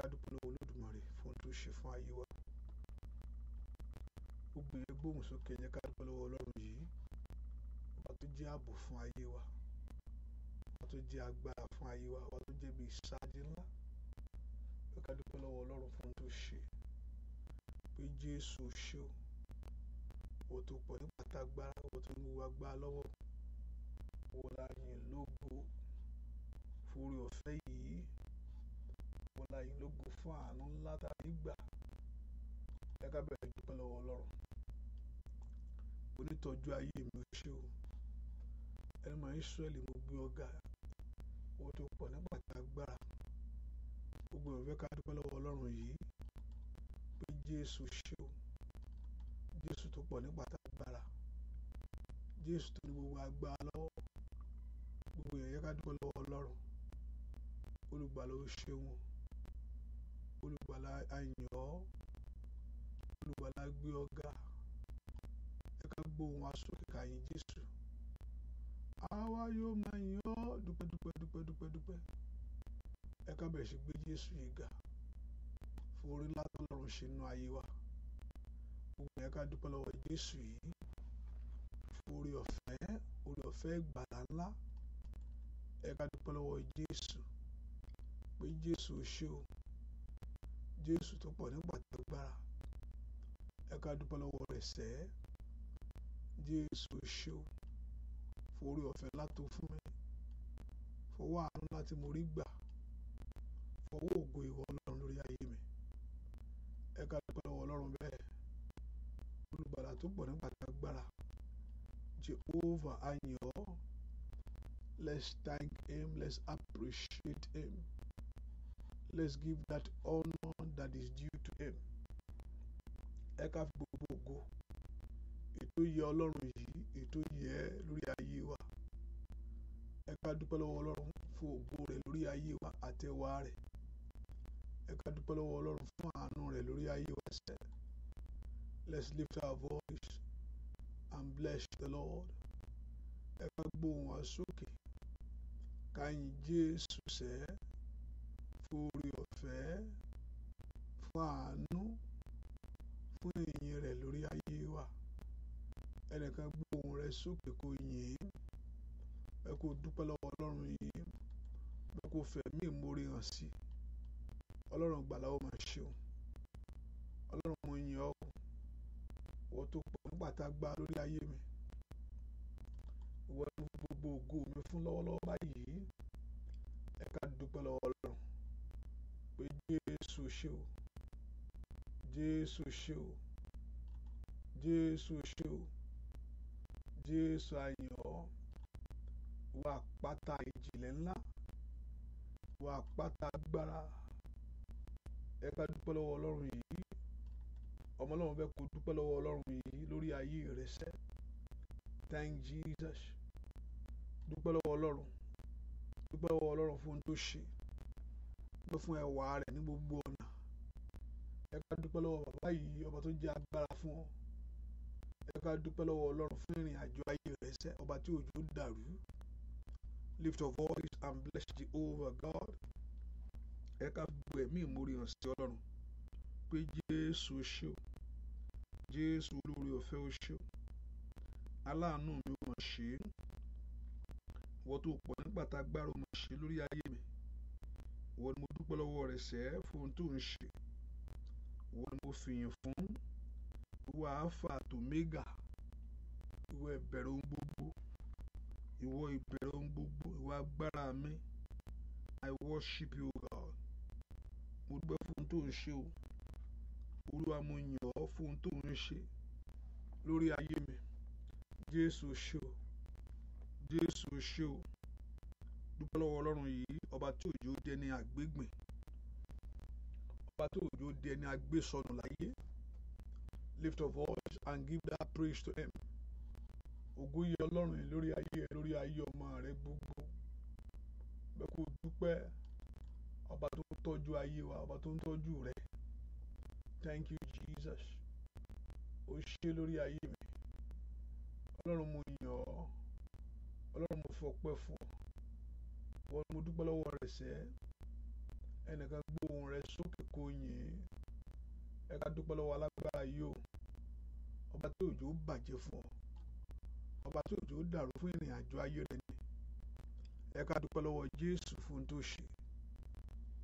ká dúpẹ́ lọ́wọ́ olódùmarè fún ohun tó ṣe fún ayé wa gbogbo yẹn gbóhùn sókè yẹn ká dúpẹ́ lọ́wọ́ ọlọ́run yìí ọba tó jẹ́ ààbò fún ayé wa ọba tó jẹ́ agbára fún ayé wa ọba tó jẹ́ bí ìsáájú ńlá pé ká dúpẹ́ lọ́wọ́ ọlọ́run fún ohun tó ṣe pé jésù ṣe o ò tó pọ̀ ní pàtàgbára ò tó ń wá gbá lọ́wọ́ wọ́n la lógo fúri ọ̀fẹ́ yìí ọlá yìí lógo fún àánú ńlá tá a rí gbà ẹ ká bẹ̀rẹ̀ dúpẹ́ lọ́wọ́ ọlọ́run onítọ́jú ayé mi ò ṣe o ẹni mọ̀ Ísírẹ́lì mo gbé ọ̀gá owó tó pọ̀ nípa tí agbára gbogbo ìrọ̀fẹ́ ká dúpẹ́ lọ́wọ́ ọlọ́run yìí pé Jésù ṣe o Jésù tó pọ̀ nípa tí agbára Jésù tó ní gbogbo agbára lọ́wọ́ gbogbo ìrọ̀fẹ́ ká dúpẹ́ lọ́wọ́ ọlọ́run olùgbàlà ó olùgbàlà ayàn ọ́ olùgbàlà gbé ọ ga ẹ ká gbóhùn asókè ká yìn jésù àwa yóò máa yìn ọ́ dúpẹ́ dúpẹ́ dúpẹ́ dúpẹ́ dúpẹ́ ẹ ká bẹ̀rẹ̀ sí gbé jésù yìí ga fún orí ńlá ṣe nínú ayé wa gbogbo ẹ ká dúpẹ́ lọ́wọ́ jésù yìí fún orí orí ọ̀fẹ́ ìgbàlà ńlá ẹ ká dúpẹ́ lọ́wọ́ jésù pé jésù ṣé o. Jésù tó pọ̀ nípa tó gbára ẹ ká dúpẹ́ lọ́wọ́ rẹ̀ sẹ́ Jésù ṣe o forí ọ̀fẹ́ látó fún mi fọwọ́ àánú láti mo rí gbà fọwọ́ ògo ìwọ Ọlọ́run lórí ayé mi ẹ ká lọ́wọ́ Ọlọ́run bẹ́ẹ̀ olùgbàlà tó pọ̀ nípa tó gbára Jehovah ayọ̀ let's thank him let's appreciate him. Let's give that honor that is due to him. Ẹ fi gbogbo ògo ètò yẹ Ọlọ́run yìí ètò yẹ lórí ayé wa. Ẹ dúpẹ́ lọ́wọ́ Ọlọ́run fún ògo rẹ̀ lórí ayé wa àtẹwà rẹ̀. Ẹ dúpẹ́ lọ́wọ́ Ọlọ́run fún àánú rẹ̀ lórí ayé wa sẹ́. Let's lift our voice and bless the Lord. Ẹ ká gbóhùn wa Ká yìn Jésù sẹ́ẹ́ fún orí ọ̀fẹ́ fún àánú fún ìyìn rẹ̀ lórí ayé wa ẹnìkan gbé ohùn rẹ̀ sókè kó yìn ín bẹ́ẹ̀ kó dúpẹ́ lọ́wọ́ ọlọ́run yìí bẹ́ẹ̀ kó fẹ̀mí ìmoore hàn sí ọlọ́run gbàlà ó máa ṣeun ọlọ́run mo yìn ọ́ wọ́n tó pọ̀ nígbà tá a gbá lórí ayé mi ìwọ gbogbo ògo mi fún lọ́wọ́lọ́wọ́ báyìí ẹ ká dúpẹ́ lọ́wọ́ ọlọ́run. Jésù ṣe o Jésù ṣe o Jésù ṣe o Jésù ayọ̀ wà pátá ìjìnlẹ̀ ńlá wà pátá agbára ẹ ká dúpẹ́ lọ́wọ́ Ọlọ́run yìí ọmọ Ọlọ́run fẹ́ kó dúpẹ́ lọ́wọ́ Ọlọ́run yìí lórí ayé rẹ sẹ́ thank Jesus dúpẹ́ lọ́wọ́ Ọlọ́run dúpẹ́ lọ́wọ́ Ọlọ́run fún ohun tó ṣe dúpẹ́ fún ẹwà rẹ̀ ní gbogbo ọ̀nà ẹ dúpẹ́ lọ́wọ́ bàbá yìí ọba tó jẹ́ agbára fún ọ ẹ dúpẹ́ lọ́wọ́ ọlọ́run fún ìrìn àjò ayé rẹ̀ sẹ́ ọba tí òjò dàrú lift your voice and bless the over God ẹ ká bu ẹ̀mí ìmórí hàn sí ọlọ́run pé jésù ṣé o jésù olóore ọ̀fẹ́ o ṣé o aláàánú mi ò mọ̀ ṣe é wọ́n tó pọ̀ nígbà tá a gbára ọmọ ṣe lórí ayé mi wọ́n ni mo dúpẹ́ lọ́wọ́ rẹ̀ sẹ́ fún ohun tó ń ṣe wọ́n ni mo fìyìn fún ìwọ alpha àti omega ìwọ ìbẹ̀rẹ̀ ohun gbogbo ìwọ ìbẹ̀rẹ̀ ohun gbogbo ìwọ agbára mi I worship you God mo dúpẹ́ fún ohun tó ń ṣe o olúwa mo yàn ọ́ fún ohun tó ń ṣe lórí ayé mi jésù ṣe o jésù ṣe o dúpẹ́ lọ́wọ́ ọlọ́run yìí ọba tí òjò jẹ́ ní àgbégbìn ọba tó òjò di ẹni lift up voice and give that praise to him ògo ọlọ́run lórí ayé rẹ lórí ayé ọmọ rẹ gbogbo bẹ́ẹ̀ kó dúpẹ́ ọba tó tọ́jú ayé wa ọba tọ́jú rẹ thank you Jesus o ṣe lórí ayé mi ọlọ́run mo ọ ẹnìkan gbé ohùn rẹ̀ sókè kó yìn ẹ ká dúpẹ́ lọ́wọ́ alágbára yìí o ọba tí òjò bàjẹ́ fún ọ ọba tí òjò dàrú fún ìrìn àjò ayé rẹ ni ẹ ká dúpẹ́ lọ́wọ́ Jésù fún ohun tó ṣe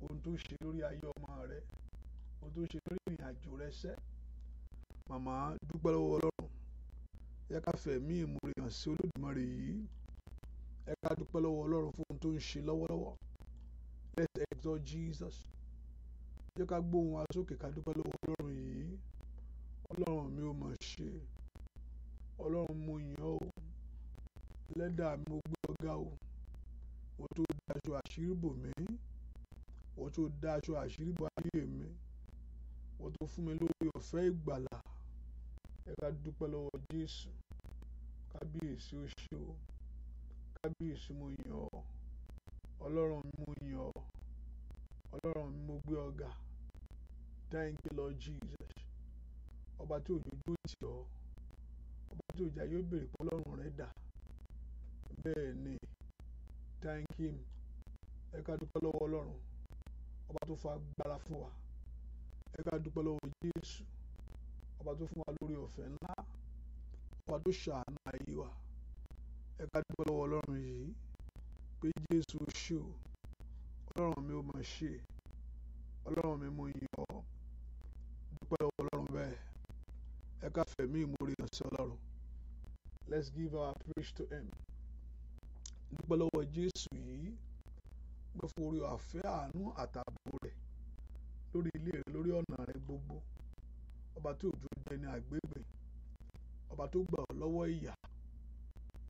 ohun tó ṣe lórí ayé ọmọ rẹ ohun tó ṣe lórí ìrìn àjò rẹ sẹ́ màmá dúpẹ́ lọ́wọ́ Ọlọ́run ẹ ká fẹ̀mí ìmoore hàn sí Olódùmarè yìí ẹ ká dúpẹ́ lọ́wọ́ Ọlọ́run fún ohun tó ń ṣe lọ́wọ́lọ́wọ́ Let's exalt Jesus. Jẹ́ ká gbóhùn wa sókè ká dúpẹ́ lọ́wọ́ Ọlọ́run yìí. Ọlọ́run mi ò mọ̀ ṣe. Ọlọ́run mo yàn ó. Ẹlẹ́dàá mi mo gbé ọ̀gá o. Wọ́n tó daṣọ àṣírí bò mí. Wọ́n tó daṣọ àṣírí bò ayé mi. Wọ́n tó fún mi lórí ọ̀fẹ́ ìgbàlà. Ẹ ká dúpẹ́ lọ́wọ́ Jésù. Kábíyèsí ó ṣe o. Kábíyèsí mo yàn ọ́. Ọlọ́run mi mo yìn Ọlọ́run mi gbé ọ Thank you Lord Jesus. Ọba tí òjò dúró tì ọ́, ọba tí òjà yóò béèrè pé Ọlọ́run rẹ dà. Bẹ́ẹ̀ ni, thank him. Ẹ ká dúpẹ́ lọ́wọ́ Ọlọ́run, ọba tó fa agbára fún wa. Ẹ ká dúpẹ́ lọ́wọ́ Jésù, ọba tó fún wa lórí ọ̀fẹ́ ńlá, ọba tó ṣàánú ayé wa. Ẹ dúpẹ́ lọ́wọ́ Ọlọ́run yìí. pé Jésù ṣe o ọlọ́run mi ò mọ̀ ṣe ọlọ́run mi mo yìn ọ́ dúpẹ́ lọ́wọ́ ọlọ́run bẹ́ẹ̀ ẹ ká fẹ̀mí ìmoore hàn sí ọlọ́run let's give our praise to him dúpẹ́ lọ́wọ́ Jésù yìí gbé fún orí àfẹ́ àánú àtààbò rẹ̀ lórí ilé rẹ̀ lórí ọ̀nà rẹ̀ gbogbo ọba tí òjò jẹ́ ní àgbègbè ọba tó gbà ọ́ lọ́wọ́ ìyà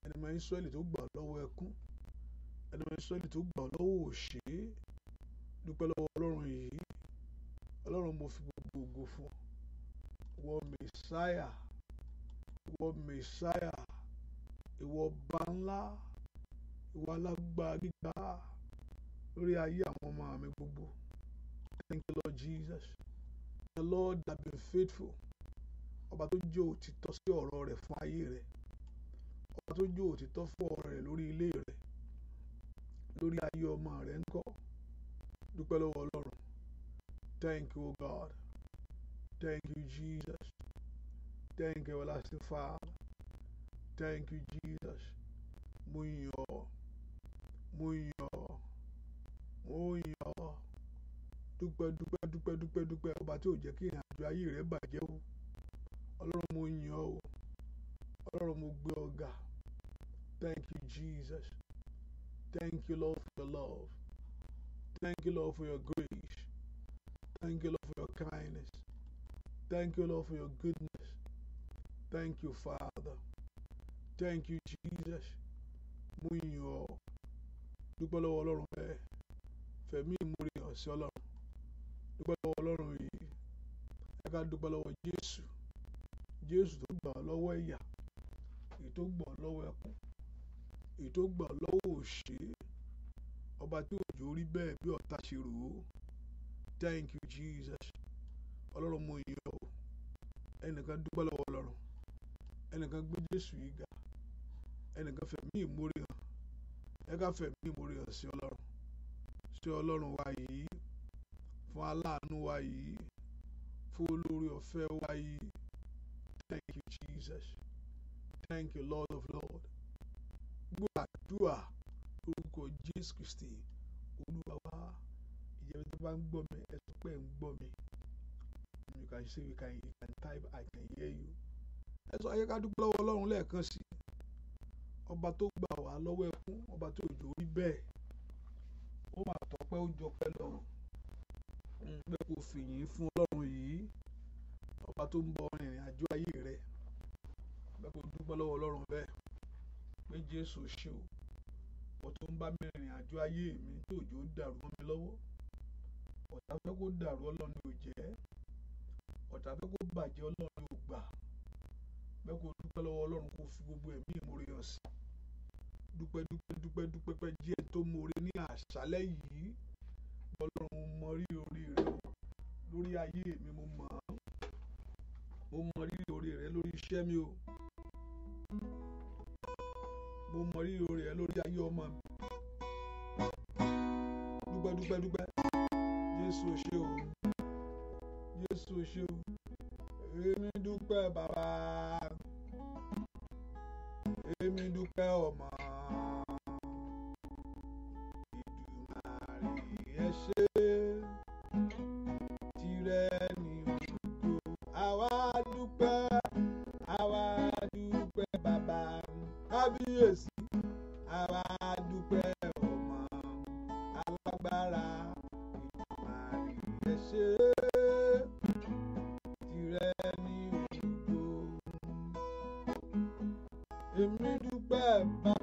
ẹni mọ Ísírẹ́lì tó gbà ọ́ lọ́wọ́ ẹkún ẹni ọmọ Ísírẹ́lì tó gbà ọ́ lọ́wọ́ òṣè dúpẹ́ lọ́wọ́ ọlọ́run yìí ọlọ́run mo fi gbogbo ògo fún ìwọ mẹsáyà ìwọ mẹsáyà ìwọ ọba ńlá ìwọ alágbára gíga lórí ayé àwọn ọmọ mi gbogbo thank you lord jesus the lord that been faithful ọba tó jẹ́ òtítọ́ sí ọ̀rọ̀ rẹ̀ fún ayé rẹ̀ ọba tó jẹ́ òtítọ́ fún ọ̀rọ̀ rẹ̀ lórí ilé rẹ̀ lórí ayé ọmọ rẹ ń kọ́ dúpẹ́ lọ́wọ́ ọlọ́run thank you God thank you Jesus thank you everlasting Father thank you Jesus mo yìn ọ́ mo yìn ọ́ mo yìn ọ́ dúpẹ́ dúpẹ́ dúpẹ́ dúpẹ́ dúpẹ́ ọba tí ò jẹ́ kí ìrìn àjò ayé rẹ bàjẹ́ o ọlọ́run mo yìn ọ́ ọlọ́run mo gbé ọ ga thank you Jesus. Thank you, Lord, for your love. Thank you, Lord, for your grace. Thank you, Lord, for your kindness. Thank you, Lord, for your goodness. Thank you, Father. Thank you, Jesus. Mú yìn ọ́. Dúpẹ́ lọ́wọ́ Ọlọ́run bẹ́ẹ̀. Fẹ̀mí ìmúre hàn sí Ọlọ́run. Dúpẹ́ lọ́wọ́ Ọlọ́run yìí. Ẹ ká dúpẹ́ lọ́wọ́ Jésù. Jésù tó gbà ọ́ lọ́wọ́ ìyà. Èyí tó ọ́ lọ́wọ́ ẹkún. èyí tó gbà lọ́wọ́ òṣè ọba tí òjò rí bẹ́ẹ̀ bí ọ̀tá ṣe rò ó thank you jesus ọlọ́run mo yìn ọ́ ẹnìkan dúpẹ́ lọ́wọ́ ọlọ́run ẹnìkan gbé jésù yìí ga ẹnìkan fẹ̀mí ìmúre hàn ẹ̀ka fẹ̀mí ìmúre hàn sí ọlọ́run sí ọlọ́run wa yìí fún aláàánú wa yìí fún olórí ọ̀fẹ́ wa yìí thank you jesus thank you lord of love gbọ́ àdúà orúkọ jésù kristi olúwa wa ìjẹun tó bá ń gbọ́ mi ẹ sọ pé ń gbọ́ mi you can say you can you can type i can hear you ẹ sọ ayé ká dúpẹ́ lọ́wọ́ ọlọ́run lẹ́ẹ̀kan sí ọba tó gbà wá lọ́wọ́ ẹkún ọba tó jò rí bẹ́ẹ̀ ó mà tọ́pẹ́ ó jọpẹ́ lọ́run ń pẹ́ kó fìyìn fún ọlọ́run yìí ọba tó ń bọ ìrìn àjò ayé rẹ̀ ń pẹ́ kó lọ́wọ́ ọlọ́run bẹ́ẹ̀ pé Jésù ṣe o mo tó ń bá mi rìnrìn àjò ayé mi tí òjò ń dàrú mọ́ mi lọ́wọ́ ọ̀tá fẹ́ kó dàrú ọlọ́run ò jẹ́ ọ̀tá fẹ́ kó bàjẹ́ ọlọ́run ò gbà fẹ́ kó dúpẹ́ lọ́wọ́ ọlọ́run kó fi gbogbo ẹ̀mí ìmoore hàn sí dúpẹ́ dúpẹ́ dúpẹ́ dúpẹ́ pẹ́ díẹ̀ tó moore ní àṣálẹ́ yìí ọlọ́run mọ rí orí rẹ o lórí ayé mi mo mọ̀ ọ́ mo mọ rírì orí rẹ lórí iṣẹ́ mi o mo mọ rírì rẹ̀ lórí ayé ọmọ mi dúpẹ́ dúpẹ́ dúpẹ́ Jésù o ṣé o Jésù o o èmi dúpẹ́ bàbá èmi dúpẹ́ ọmọ. èmi dúpẹ́ bá.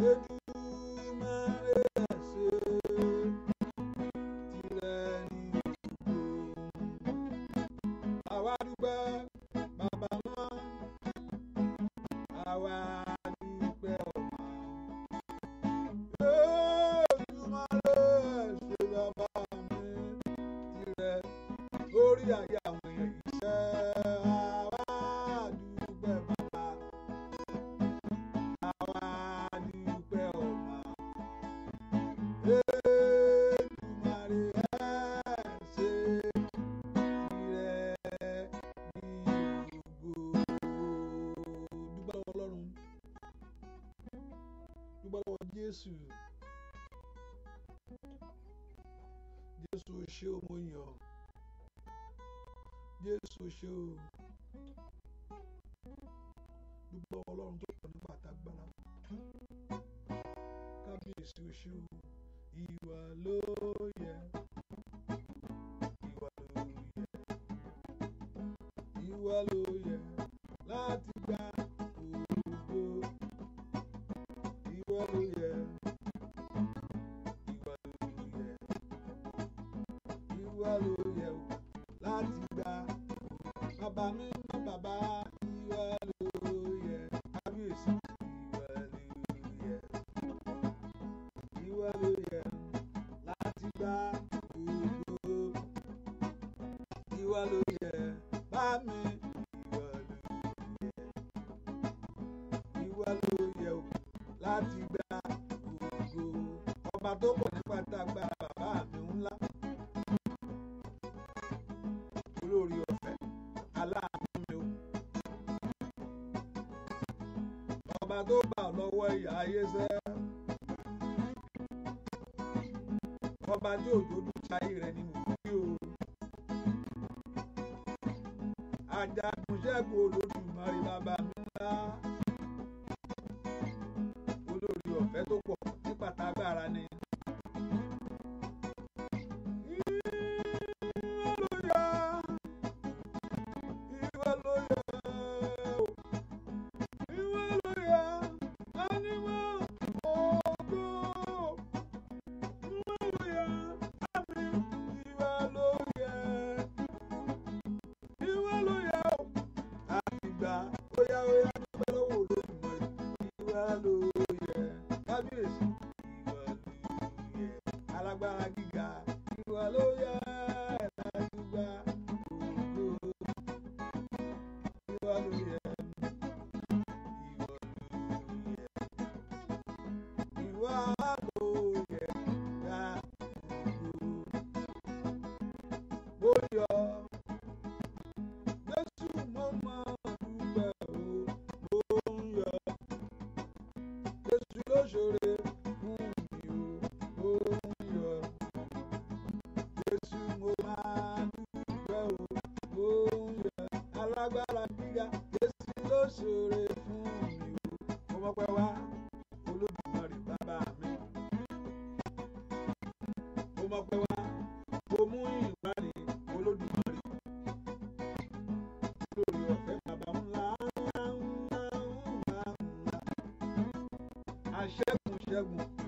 Hey, Jésù Jésù ṣé o mo yàn Jésù ṣé o. ọba tó pọ̀ nípa dágbára bàbá mi ńlá olórí ọ̀fẹ́ aláàánú mi o ọba tó gbà lọ́wọ́ ìyá ayé sẹ́ ọba tí òjò dùn sáyé rẹ ni mò ń o àjàgùn ṣẹ́gun olórí. ṣẹ́gun.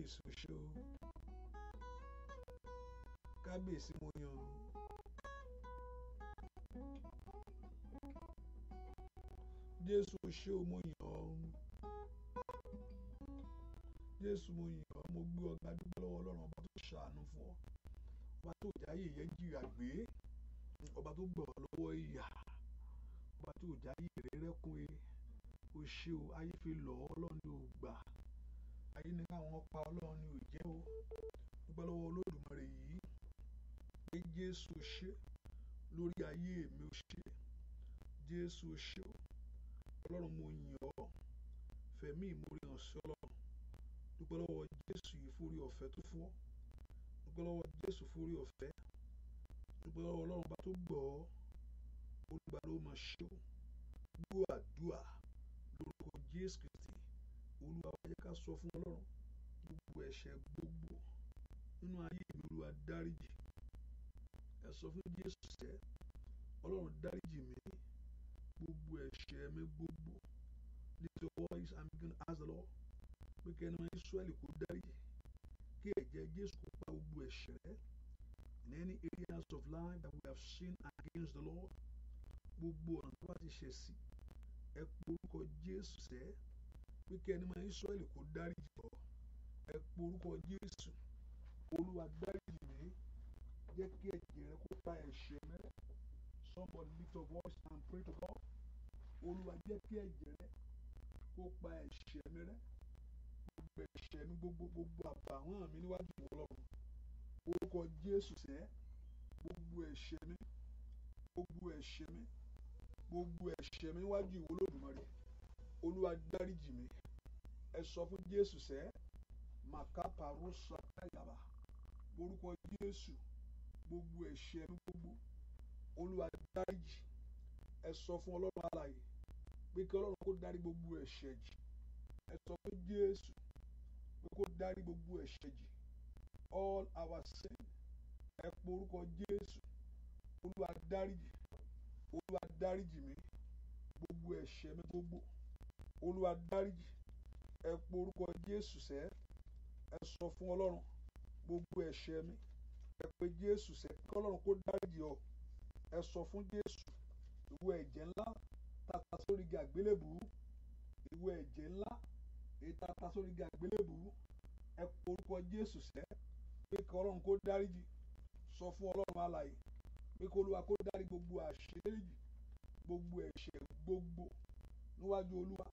kábíyèsí ó ṣe o kábíyèsí mo yàn ọ́. jésù ó ṣe o mo yàn ọ́ jésù mo yàn ọ́ mo gbé ọgbà dúpẹ́ lọ́wọ́ ọlọ́run ọba tó ṣàánú fún ọ ọba tó jáyé yẹn jìyà gbé ọba tó gbọ̀ ọ́ lọ́wọ́ ìyà ọba tó jáyé rẹ̀ rẹ́kùn ẹ o ṣe o ayé fi lọ́ ìdí ni káwọn pa ọlọ́run ni ò jẹ́ o dúpẹ́ lọ́wọ́ olódùmarè yìí pé jésù ṣe lórí ayé mi ò ṣe jésù ṣe ọlọ́run mo yìn ọ́ fẹ̀mí ìmoore hàn sí ọlọ́run dúpẹ́ lọ́wọ́ jésù yìí fún ọ̀fẹ́ tó fún dúpẹ́ lọ́wọ́ jésù fún ọ̀fẹ́ dúpẹ́ lọ́wọ́ ọlọ́run bá tó gbọ́ ọ́ olùgbàlà máa ṣe ó gbọ́ àdúrà lórúkọ jésù olúwa wá jẹ́ ká sọ fún ọlọ́run gbogbo ẹ̀ṣẹ̀ gbogbo nínú ayé mi olúwa dáríjì ẹ sọ fún jésù sẹ́ ọlọ́run dáríjì mi gbogbo ẹ̀ṣẹ̀ mi gbogbo lift your voice and begin to ask the lord pé kẹ́ni máa israẹli kó dáríjì kí ẹ̀jẹ̀ jésù kó pa gbogbo ẹ̀ṣẹ̀ rẹ́ in any areas of life that we have sinned against the lord gbogbo ọ̀nà tó bá ti ṣẹ̀ sí ẹ pe orúkọ jésù sẹ́ẹ́ pé kí ẹni máa Ísírẹ́lì kó dáríjì ọ́ ẹ pe orúkọ Jésù Olúwa dáríjì mi jẹ́ kí ẹ̀jẹ̀ rẹ kó pa ẹ̀ṣẹ̀ mi somebody lift your voice and pray to God Olúwa jẹ́ kí ẹ̀jẹ̀ rẹ kó pa ẹ̀ṣẹ̀ mi rẹ́ gbogbo ẹ̀ṣẹ̀ mi gbogbo gbogbo àbàwọ́n mi níwájú Ọlọ́run orúkọ Jésù sẹ́ gbogbo ẹ̀ṣẹ̀ mi gbogbo ẹ̀ṣẹ̀ mi gbogbo ẹ̀ṣẹ̀ mi níwájú ìwọ Olódùmarè olúwa dáríjì mi ẹ sọ fún jésù sẹ́ màkàpà rọ́ṣà káyàbà orúkọ jésù gbogbo ẹ̀ṣẹ̀ mi gbogbo olúwa dáríjì ẹ sọ fún ọlọ́run alààyè pé kí ọlọ́run kó dárí gbogbo ẹ̀ṣẹ̀ jì ẹ sọ fún jésù pé kó dárí gbogbo ẹ̀ṣẹ̀ jì all our sin ẹ pọ orúkọ jésù olúwa dáríjì olúwa dáríjì mi gbogbo ẹ̀ṣẹ̀ mi gbogbo olúwa dáríjì ẹ po orúkọ jésù sẹ́ ẹ sọ fún ọlọ́run gbogbo ẹ̀ṣẹ̀ mi ẹ pe jésù sẹ́ kí ọlọ́run kó dáríjì ọ ẹ sọ fún jésù ìwọ ẹ̀jẹ̀ ńlá tata sórí igi àgbélébùú ìwọ ẹ̀jẹ̀ ńlá ìtata sórí igi àgbélébùú ẹ po orúkọ jésù sẹ́ pé kí ọlọ́run kó dáríjì sọ fún ọlọ́run alààyè pé kí olúwa kó dárí gbogbo àṣírí gbogbo ẹ̀ṣẹ̀ gbogbo níwájú olúwa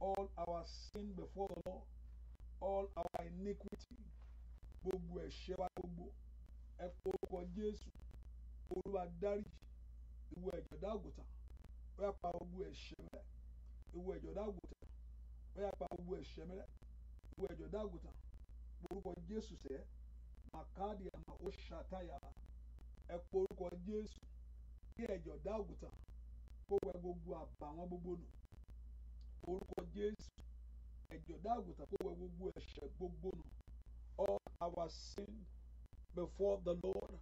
all our sin before the Lord, all our iniquity, gbogbo ẹ̀ṣẹ̀ wa gbogbo ẹ ọkọ̀ Jésù Olúwa dáríjì ìwọ ẹ̀jọ̀ dàgùtàn ó yá pa gbogbo ẹ̀ṣẹ̀ ìwọ ẹ̀jọ̀ dàgùtàn ó yá pa gbogbo ẹ̀ṣẹ̀ ìwọ ẹ̀jọ̀ gbogbo orúkọ Jésù ẹ̀jọ̀ dáàgùtà kó wẹ gbogbo ẹ̀ṣẹ̀ gbogbo nù all our sin before the Lord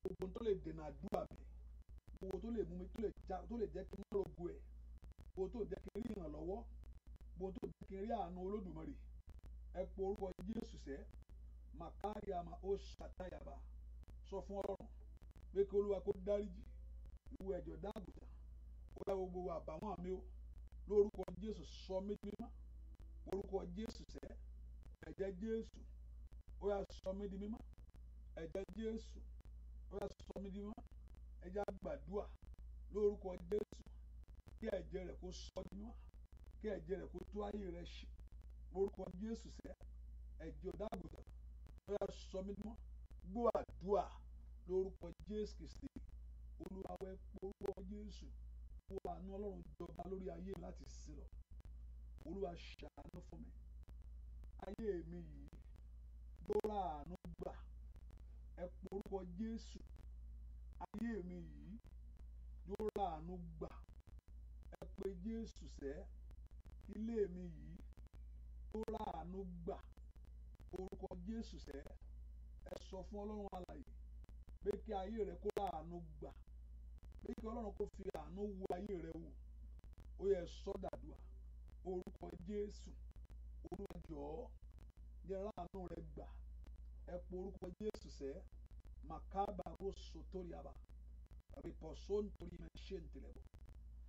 gbogbo tó lè dènà àdúrà mi gbogbo tó lè mú mi tó lè jẹ́ kí n má rogo ẹ̀ gbogbo tó jẹ́ kí n rí ìrànlọ́wọ́ gbogbo tó jẹ́ kí n rí àánú Olódùmarè ẹ po orúkọ Jésù sẹ́ màkàrí àmà ó ṣàtàyàbà sọ fún ọrùn pé kí Olúwa kó dáríjì ìwọ ẹ̀jọ̀ dáàgùtà kó dá gbogbo àbàwọ́n mi o lórúkọ jésù sọ mí di mímọ́ orúkọ jésù sẹ́ ẹ̀jẹ̀ jésù ó yá sọ mí di mímọ́ ẹ̀jẹ̀ jésù ó yá sọ mí di mímọ́ ẹ̀jẹ̀ àgbàdua lórúkọ jésù kí ẹ̀jẹ̀ rẹ̀ kó sọ di mímọ́ kí ẹ̀jẹ̀ rẹ̀ kó tó ayé rẹ̀ ṣe orúkọ jésù sẹ́ ẹ̀jẹ̀ ọ̀dàgùtà ó yá sọ mí di mímọ́ gbọ́ àdúà lórúkọ jésù kìsì olúwa wẹ́ pé orúkọ jésù olúwa àánú ọlọ́run jọba lórí ayé mi láti sin lọ olúwa ṣàánú fún mi ayé mi yìí dọ́là àánú gbà ẹ porúkọ jésù ayé mi yìí dọ́là àánú gbà ẹ pe jésù sẹ́ ilé mi yìí dọ́là àánú gbà orúkọ jésù sẹ́ ẹ sọ fún ọlọ́run alààyè pé kí ayé rẹ kó láàánú gbà pé kí ọlọ́run kó fi àánú wo ayé rẹ wò ó yẹ sọ́dàdúà orúkọ jésù olúwa jọ̀ọ́ jẹ́ rẹ gbà ẹ po orúkọ jésù sẹ́ makaba rosso torí aba rìpọ̀só nítorí ṣé ń tilẹ̀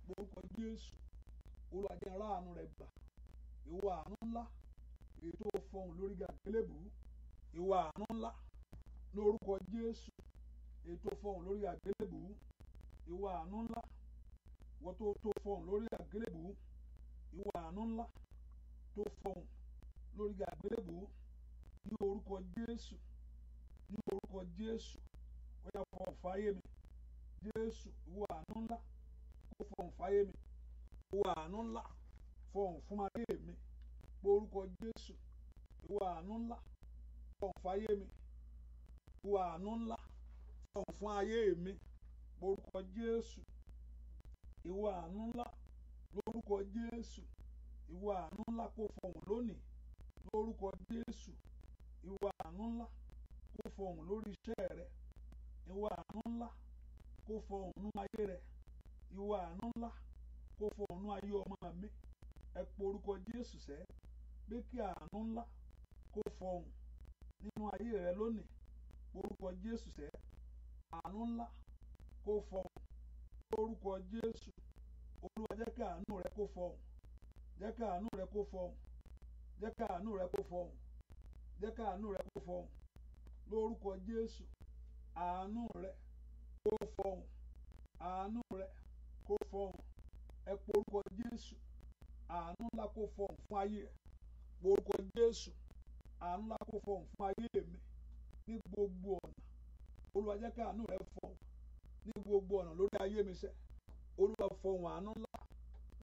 bọ̀ orúkọ jésù olúwa jẹ́ ráàánú rẹ gbà ìwọ àánú ńlá ètò fọhùn lórí gàgbélébù ìwọ àánú ńlá lórúkọ jésù ètò fọhùn lórí gàgbélébù ìwà àánú ńlá wọ́n tó tó fọhùn lórí àgbélébù ìwà àánú ńlá tó fọhùn lórí àgbélébù ní orúkọ Jésù ní orúkọ Jésù ó yá fọhùn fáyé mi Jésù ìwà àánú ńlá kó fọhùn fáyé mi ìwà àánú ńlá fọhùn fún ayé mi pé orúkọ Jésù ìwà àánú ńlá fọhùn fáyé mi ìwà àánú ńlá fọhùn fún ayé mi. Orúkọ Jésù ìwọ àánú ńlá lórúkọ Jésù ìwọ àánú ńlá kó fọhùn lónìí lórúkọ Jésù ìwọ àánú ńlá kó fọhùn lórí iṣẹ́ rẹ ìwọ àánú ńlá kó fọhùn nú ayé rẹ ìwọ àánú ńlá kó fọhùn nú ayé ọmọ mi ẹ pọ orúkọ Jésù sẹ pé kí àánú ńlá kó fọhùn nínú ayé rẹ lónìí orúkọ Jésù sẹ àánú ńlá. kó fọhùn lórúkọ Jésù Olúwa jẹ́ kí àánú rẹ kó fọhùn jẹ́ kí àánú rẹ rẹ kó fọhùn jẹ́ kí àánú rẹ rẹ kó fọhùn fún ayé porúkọ ọ̀nà ní gbogbo ọ̀nà lórí ayé mi sẹ́ olúwa fọ̀hún àánú ńlá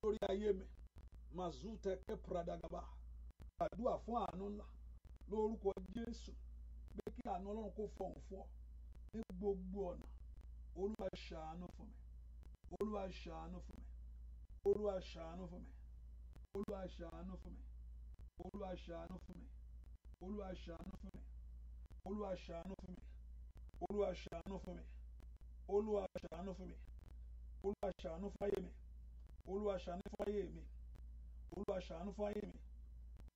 lórí ayé mi mazute kepradagaba gbàdúrà fún àánú ńlá lórúkọ jésù pé kí àánú ọlọ́run kó fọ̀hún fún ọ ní gbogbo ọ̀nà olúwa ṣàánú fún mi olúwa ṣàánú fún mi olúwa ṣàánú fún mi olúwa ṣàánú fún mi olúwa ṣàánú fún mi olúwa ṣàánú fún mi olúwa ṣàánú fún mi olúwa ṣàánú fún mi olúwa ṣàánú fún mi olúwa ṣàánú fún ayé mi olúwa ṣàánú fún ayé mi olúwa ṣàánú fún ayé mi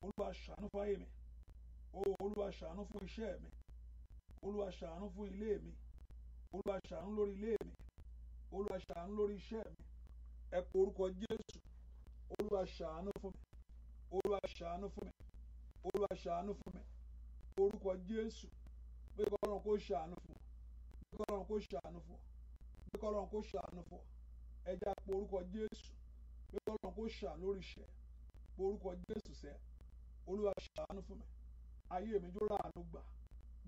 olúwa ṣàánú fún ayé mi olúwa ṣàánú fún iṣẹ́ mi olúwa ṣàánú fún ilé mi olúwa ṣàánú lórí ilé mi olúwa ṣàánú lórí iṣẹ́ mi ẹ pe orúkọ jésù olúwa ṣàánú fún mi olúwa ṣàánú fún mi olúwa ṣàánú fún mi orúkọ jésù pé kọ́ńtà kó ṣàánú fún mi pé kọ́lọ́run kó ṣàánú fún ọ pé kọ́lọ́run kó ṣàánú fún ọ ẹja pé orúkọ Jésù pé kọ́lọ́run kó ṣàánú lórí iṣẹ́ pé orúkọ Jésù sẹ́ Olúwa ṣàánú fún mi ayé mi jó ráàánú gbà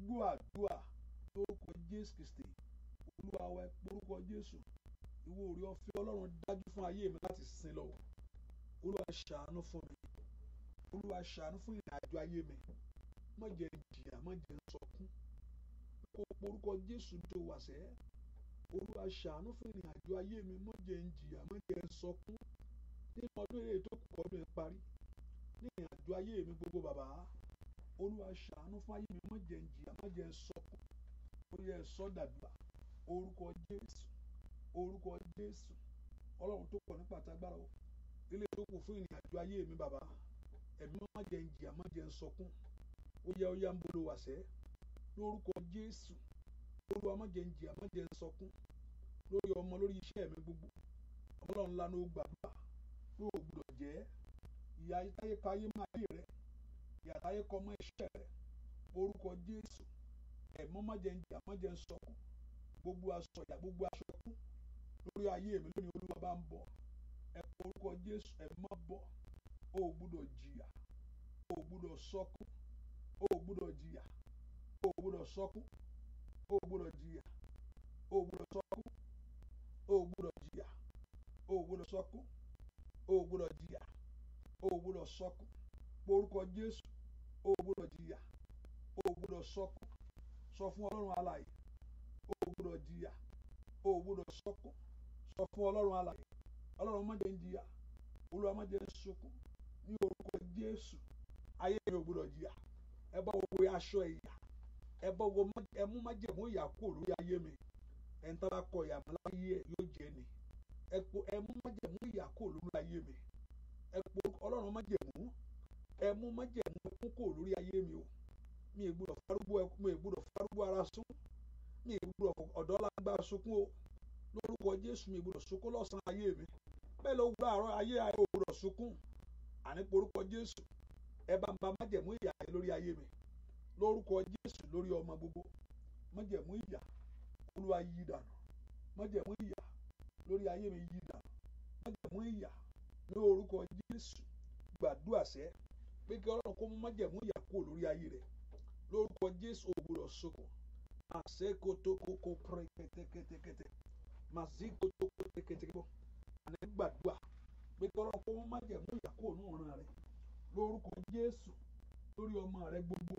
gbọ́ àdúrà lórúkọ Jésù Kristi Olúwa wa pé orúkọ Jésù ìwọ orí ọ̀fẹ́ Ọlọ́run dájú fún ayé mi láti sin lọ Olúwa ṣàánú fún mi Olúwa ṣàánú fún ìrìn àjò ayé mi má jẹ́ jìyà má jẹ́ sọkún kó porúkọ Jésù dòwàsẹ́ Olúwa ṣàánú fún ìrìn àjò ayé mi mọ́ jẹ́ ń jìyà mọ́ jẹ́ ń sọkún nínú ọdún eré tó kù ọdún ẹ parí ní ìrìn àjò ayé mi gbogbo bàbá Olúwa ṣàánú fún ayé mi mọ́ jẹ́ ń jìyà mọ́ jẹ́ ń sọkún ó yẹ sọ dàdúrà orúkọ Jésù orúkọ Jésù Ọlọ́run tó pọ̀ nípa àtàgbára o ilé tó kù fún ìrìn àjò ayé mi bàbá ẹ̀mí mọ́ jẹ́ ń jìyà mọ́ jẹ́ ń sọkún ó yẹ ó yá ń bolo wàsẹ́ lórúkọ Jésù Olúwa má jẹ́ n jìyà má jẹ́ n sọkún lórí ọmọ lórí iṣẹ́ mi gbogbo Ọlọ́run ńlá ní ó gbàdúrà ló ò gbọdọ̀ jẹ́ ìyà táyé káyé má ayé rẹ ìyà táyé kọ mọ́ iṣẹ́ rẹ orúkọ Jésù ẹ̀mọ́ má jẹ́ n jìyà má jẹ́ n sọkún gbogbo aṣọ ìyà gbogbo aṣọ ẹkún lórí ayé mi lónìí Olúwa bá ń bọ̀ ẹ orúkọ Jésù ẹ̀mọ́ bọ̀ ó gbọdọ̀ jìyà ó gbọdọ̀ sọkún ó gbọdọ̀ jìyà o gbọ́dọ̀ sọkú o gbọ́dọ̀ jìyà o gbọ́dọ̀ sọkú o gbọ́dọ̀ jìyà o gbọ́dọ̀ sọkú o gbọ́dọ̀ jìyà o gbọ́dọ̀ sọkú orúkọ Jésù o gbọ́dọ̀ jìyà o gbọ́dọ̀ sọkú sọ fún Ọlọ́run alààyè o gbọ́dọ̀ jìyà o gbọ́dọ̀ sọkú sọ fún Ọlọ́run alààyè Ọlọ́run má jẹ́ jìyà Olúwa má jẹ́ n ní orúkọ Jésù ayé mi ò gbọ́dọ̀ jìyà ẹ bá wo aṣọ ìyà ẹ bọ̀wọ̀ ẹ mú májẹ̀mú ìyà kúrò lórí ayé mi ẹni tá bá kọ ìyàmú láyé ẹ yóò jẹ ni ẹ po ẹ mú májẹ̀mú ìyà kúrò lórí ayé mi ẹ po ọlọ́run májẹ̀mú ẹ mú májẹ̀mú ẹkún kúrò lórí ayé mi o mi ì gbúdọ̀ farúgbó ẹkún mi ì gbúdọ̀ farúgbó ara sún mi ì gbúdọ̀ ọ̀dọ́ lágbá sunkún o lórúkọ jésù mi ì gbúdọ̀ sunkún lọ́sàn-án ayé mi bẹ́ẹ̀ ló wúlò àárọ̀ ayé ayé ò gbúdọ̀ sunkún àní porúkọ jésù ẹ bá ń ba májẹ̀mú ìyà lórí ayé mi lórúkọ Jésù lórí ọmọ gbogbo májẹ̀mú ìyà Olúwa yí dànù májẹ̀mú ìyà lórí ayé mi yí dànù májẹ̀mú ìyà ní orúkọ Jésù gbàdúrà sẹ́ pé kí Ọlọ́run kó mú májẹ̀mú ìyà kúrò lórí ayé rẹ̀ lórúkọ Jésù òwúrọ̀ sọ̀kò àṣẹ kótókókó pẹ́rẹ́ kẹ́tẹ́kẹ́tẹ́kẹ́tẹ́ màsí kótókó kẹ́tẹ́kẹ́tẹ́ bọ́ àná gbàdúrà pé kí Ọlọ́run kó mú májẹ̀mú ìyà kúrò nínú ọ̀ràn rẹ̀ lórúkọ Jésù lórí ọmọ rẹ̀ gbogbo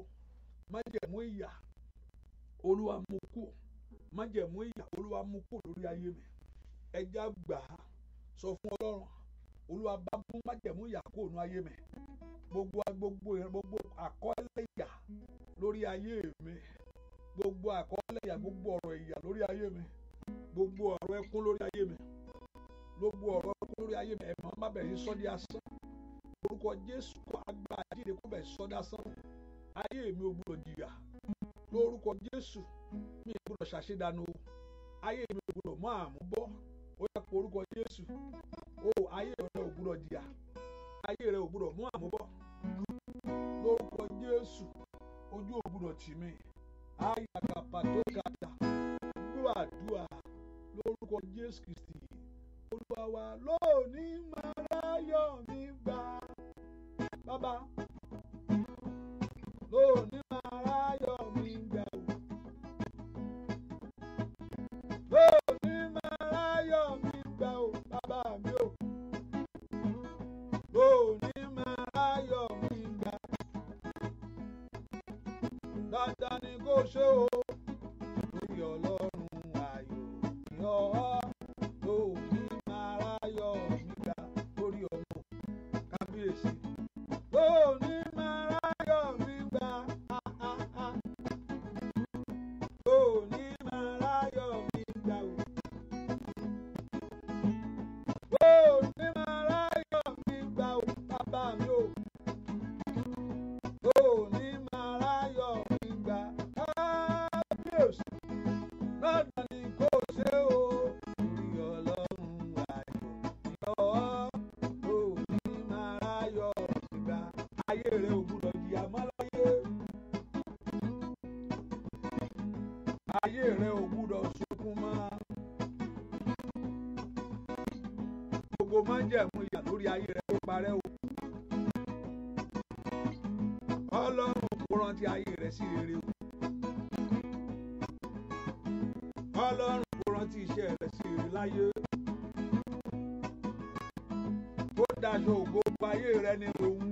májẹ̀mú ìyà olúwa mú kù májẹ̀mú ìyà ayé mi ẹja gbà sọ fún ọlọ́run olúwa bá mú májẹ̀mú ìyà kù nú mi gbogbo gbogbo gbogbo àkọọ́lẹ̀ ìyà lórí ayé mi gbogbo àkọọ́lẹ̀ ìyà gbogbo ọ̀rọ̀ ìyà lórí ayé mi gbogbo ọ̀rọ̀ ẹkún lórí ayé mi gbogbo ọ̀rọ̀ ẹkún lórí ayé mi ẹ̀mọ́ má bẹ̀rẹ̀ sọ́dí asán ayé mi ò gbúdọ̀ jìyà lórúkọ jésù mi ò gbúdọ̀ ṣàṣedànù o ayé mi ò gbúdọ̀ mọ́ àmú bọ́ ó yẹ kó orúkọ jésù o ayé rẹ ò gbúdọ̀ jìyà ayé rẹ ò gbúdọ̀ mọ́ àmú bọ́ lórúkọ jésù ojú ò gbúdọ̀ tì mí ayé àgàpà tó kàtà gbọ́ àdúrà lórúkọ jésù kristi olúwa wa lónìí máa ráyọ̀ mi gbà bàbá. ọlọ́run kó rántí iṣẹ́ rẹ̀ sí ire láyé kó daṣọ ayé rẹ ní òun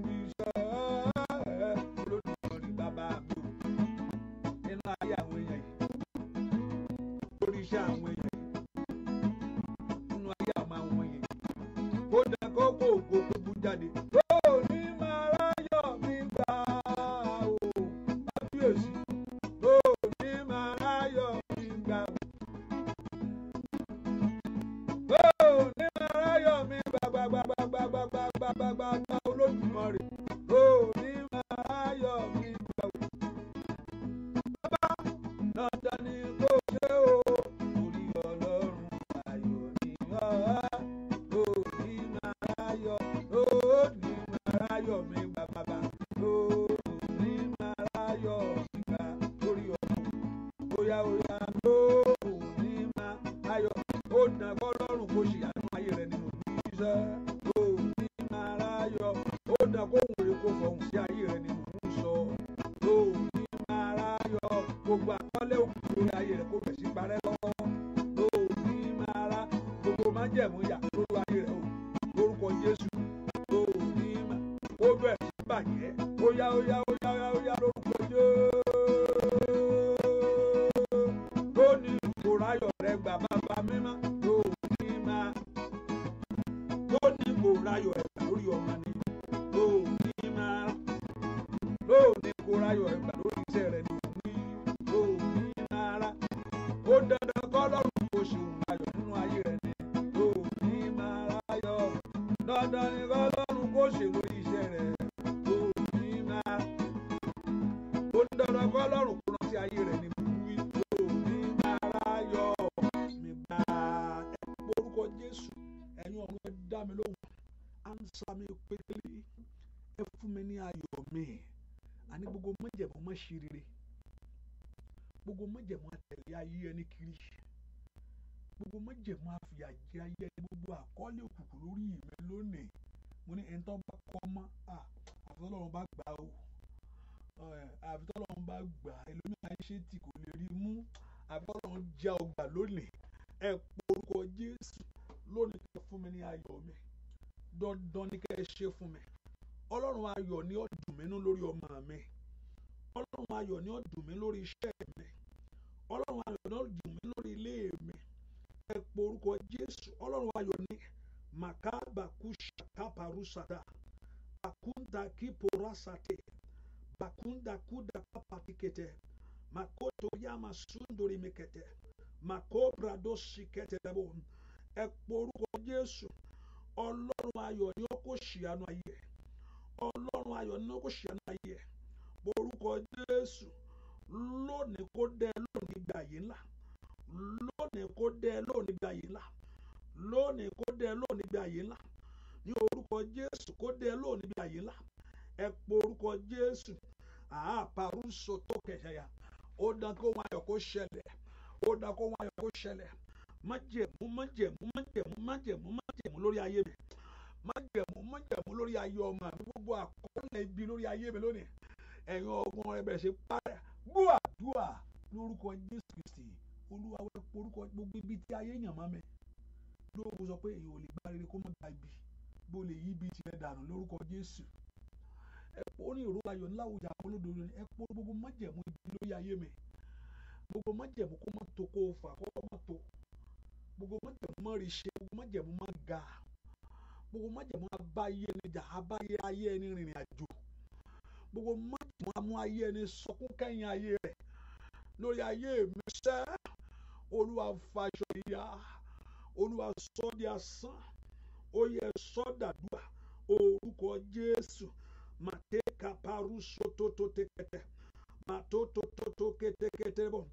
Ani a ní gbogbo mọ́jẹ̀mọ́ mọ́ ṣe rere gbogbo mọ́jẹ̀mọ́ àtẹ̀lé ayé ẹni kiri gbogbo mọ́jẹ̀mọ́ àfìyàjẹ ayé ẹni gbogbo àkọọ́lẹ̀ òkùnkùn lórí mi lónìí mo ní ẹni tó bá kọ́ mọ́ àfitọ́lọ́run bá gbà ó àfitọ́lọ́run bá gbà ẹlòmíràn ṣe tì kò lè rí mú àfitọ́lọ́run já ọgbà lónìí ẹ porúkọ Jésù lónìí kẹ fún mi ní ayọ̀ mi dandan ni kẹ ṣe fún mi ọlọ́run ayọ̀ ni ó dùn mí nú lórí ọmọ mi ọlọ́run ayọ̀ ni ó dùn mí lórí iṣẹ́ mi ọlọ́run ayọ̀ ni ó dùn mí lórí ilé mi ẹ po orúkọ jésù ọlọ́run ayọ̀ ni makabakusha kaparusada bakunda kiporasate bakunda kuda kapatikete makoto yama sundori mekete makobra dosi ketebo ẹ po orúkọ jésù ọlọ́run ayọ̀ ni ó kó ṣìyànú ayé. ọlọ́run ayọ̀ ní kò ṣe ọ̀nà ayẹ̀ borúkọ jésù lónìí kò dé lónìí gbà yín la lónìí kò dé lónìí gbà yín la lónìí kò dé lónìí gbà yín la ní orúkọ jésù kò dé lónìí gbà yín la ẹ pé orúkọ jésù àpárùsọ tó kẹsẹ ya ó dán kó wọn ayọ̀ kó ṣẹlẹ̀ ó dán kó wọn ayọ̀ kó ṣẹlẹ̀ májèmú májèmú májèmú májèmú májèmú lórí ayé mi. májẹ̀mú májẹ̀mú lórí ayé ọmọ àbí gbogbo àkọọ́lẹ̀ ibi lórí ayé mi lónìí ẹ̀yin ọgbọ́n rẹ bẹ̀rẹ̀ ṣe parẹ́ gbúà gbúà lórúkọ Jésù Kristi Olúwa wẹ́ porúkọ gbogbo ibi tí ayé yàn mọ́ mi lóògùn sọ pé èyí ò lè gbá rere kó má gba ibi bó lè yí ibi tirẹ̀ dànù lórúkọ Jésù ẹ̀pọ̀ ní ìró ayọ̀ ńlá àwọn olódodo ni ẹ̀pọ̀ gbogbo májẹ̀mú ibi lórí ayé mi gbogbo májẹ̀mú kó má to kó fà kó má to gbogbo májẹ̀mú má rí ṣe gbogbo májẹ̀mú má ga gbogbo májẹ̀mú abáyé ẹni jà abáyé ayé ẹni rìnrìn àjò gbogbo májẹ̀mú amú ayé ẹni sọkún kẹ́yìn ayé rẹ̀ lórí ayé mi sẹ́ olúwa fàṣọ ìyá olúwa sọ́ọ́dì asán ó yẹ sọ́ọ́dàdúà orúkọ jésù màtẹ́ka parúṣọ tótó tẹ́kẹ́tẹ́ màtótótótó kẹ́tẹ́kẹ́tẹ́ bọ̀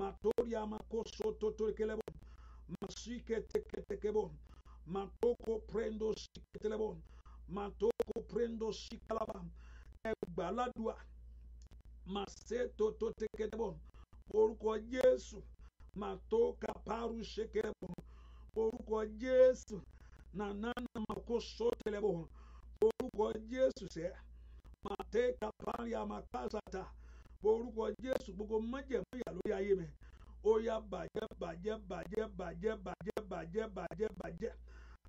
màtórí amakoso tótó kẹ́lẹ́ bọ̀ màsí kẹ́tẹ́kẹ́tẹ́ bọ̀ matoko prendo siketelebo matoko prendo sikalaba ẹgbàá ládùá maseto tó tekelebo Jesu. matoka paru sekelebo orúkọ Jésù nanana mako sotelebo orúkọ Jesu sẹ mateka pari amakasata orúkọ Jésù gbogbo májẹ̀mú yà lórí ayé mi ó yá bàjẹ́ bàjẹ́ bàjẹ́ bàjẹ́ bàjẹ́ bàjẹ́ bàjẹ́ bàjẹ́.